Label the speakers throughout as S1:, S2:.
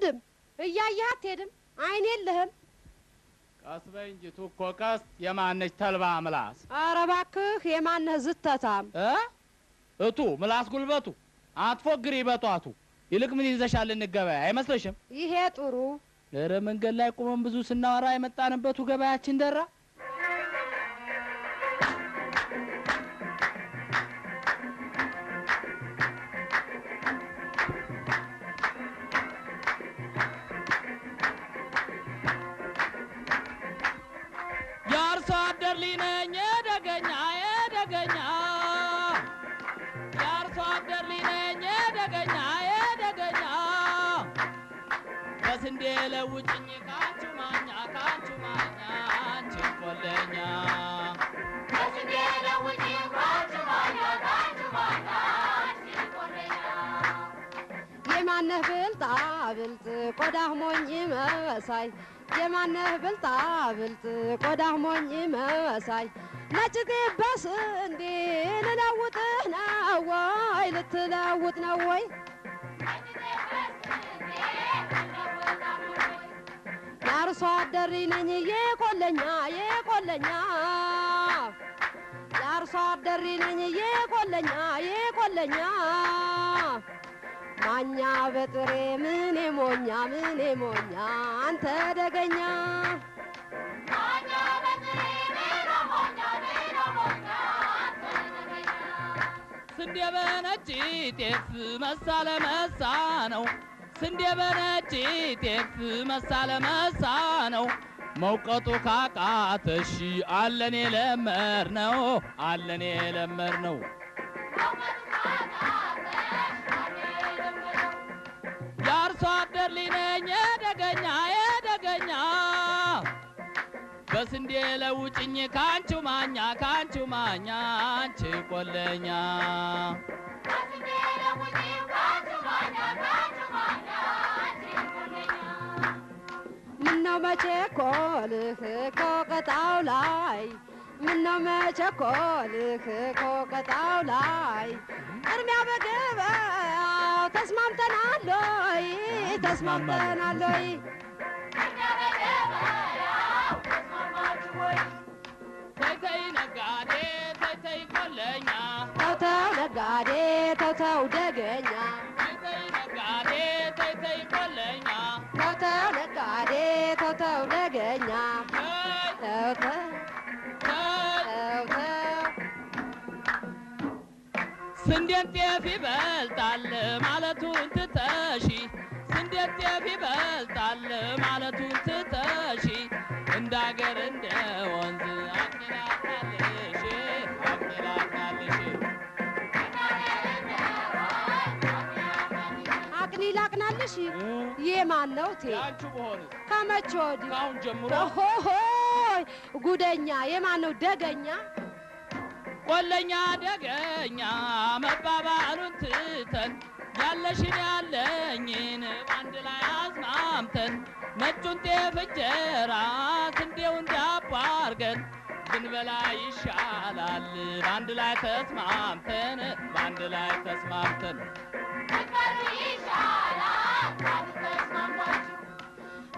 S1: ወንድም እያየህ አትሄድም? አይን የለህም?
S2: ቀስ በይ እንጂ ቱኮ ቀስ። የማነች ተልባ ምላስ?
S1: አረ እባክህ የማነህ ዝተታም
S2: እቱ ምላስ ጉልበቱ አትፎግሪ በጧቱ። ይልቅ ምን ይዘሻል እንገበያ አይመስለሽም? ይሄ ጥሩ። ኧረ መንገድ ላይ ቁመን ብዙ ስናወራ የመጣንበቱ ገበያችን ደራ። ስንዴ ለውጭኝ ካንቺ ማኛ ካንቺ ማኛ አንቺ ከስንዴ
S3: ለውጭኝ ካንቺ ማኛ
S1: የማነህ ብልጣ ብልጥ ቆዳህ ሞኝ መሳይ የማነህ ብልጣ ብልጥ ቆዳህ ሞኝ መሳይ ነጭ ጤበስ ልለውጥህ ነው ወይ ልትለውጥ ነው ወይ አርሶ አደሪ ነኝ የቆለኛ የቆለኛ የአርሶ አደሪ ነኝ የቆለኛ የቆለኛ ማኛ በጥሬ ምኔ ሞኛ ምኔ ሞኛ አንተ ደገኛ
S2: ስንዴ በነጭ ጤፍ መሳ ለመሳ ነው ስንዴ በነጭ ጤፍ መሳ ለመሳ ነው መውቀጡ ካቃተሽ አለኔ ለመር ነው አለኔ ለመር ነው የአርሶ አደር ሊነኝ የደገኛ የደገኛ በስንዴ ለውጭኝ ካንቹ ማኛ ካንቹ ማኛ አንቺ ቆለኛ
S1: መቸኮልህ ከወቀጣው ላይ ምነው መቸኮልህ ከወቀጣው ላይ እርሚያ በገበያው ተስማምተናሎይ ተስማምተናሎይ
S2: ተይተይ ነጋዴ ተይተይ ቆለኛ
S1: ተውተው ነጋዴ ተውተው ደግ
S2: ስንዴም ጤፍ ይበልጣል ማለቱን ትተሺ ስንዴም ጤፍ ይበልጣል ማለቱን ትተሺ እንደ አገር እንደ ወንዝ አቅላታለሽ አቅላታለሽ
S1: አቅሊል ነው ቴ ከመቼ
S2: ወዲህ
S1: ጉደኛ የማን ነው ደገኛ
S2: ቆለኛ ደገኛ መባባሉን ትተን ያለሽን ያለኝን በአንድ ላይ አስማምተን ነጩን ጤፍ እንጀራ ስንዴውን ዳቦ በላይ ብንበላ ይሻላል በአንድ ላይ ተስማምተን በአንድ ላይ ተስማምተን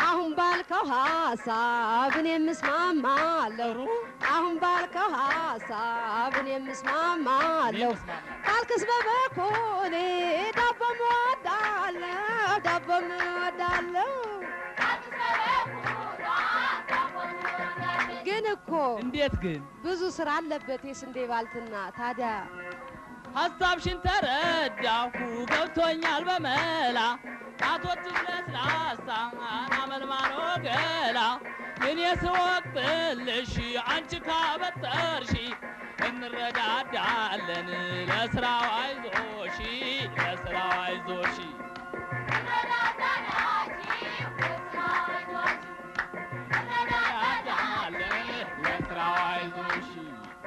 S1: አሁን ባልከው ሀሳብ እኔ አሁን ባልከው ሀሳብን የምስማማለሁ አልክስ በበኩሌ ዳቦም ወዳለሁ ዳቦም ወዳለሁ ግን እኮ እንዴት ግን ብዙ ስራ አለበት የስንዴ ባልትና ታዲያ
S2: ሀሳብሽን ተረዳሁ ገብቶኛል በመላ ጣቶች ለስላሳ አመልማሎ ገላ እኔ ስወቅጥ كلشي عن ان بطرشي እንረዳዳለን ለስራው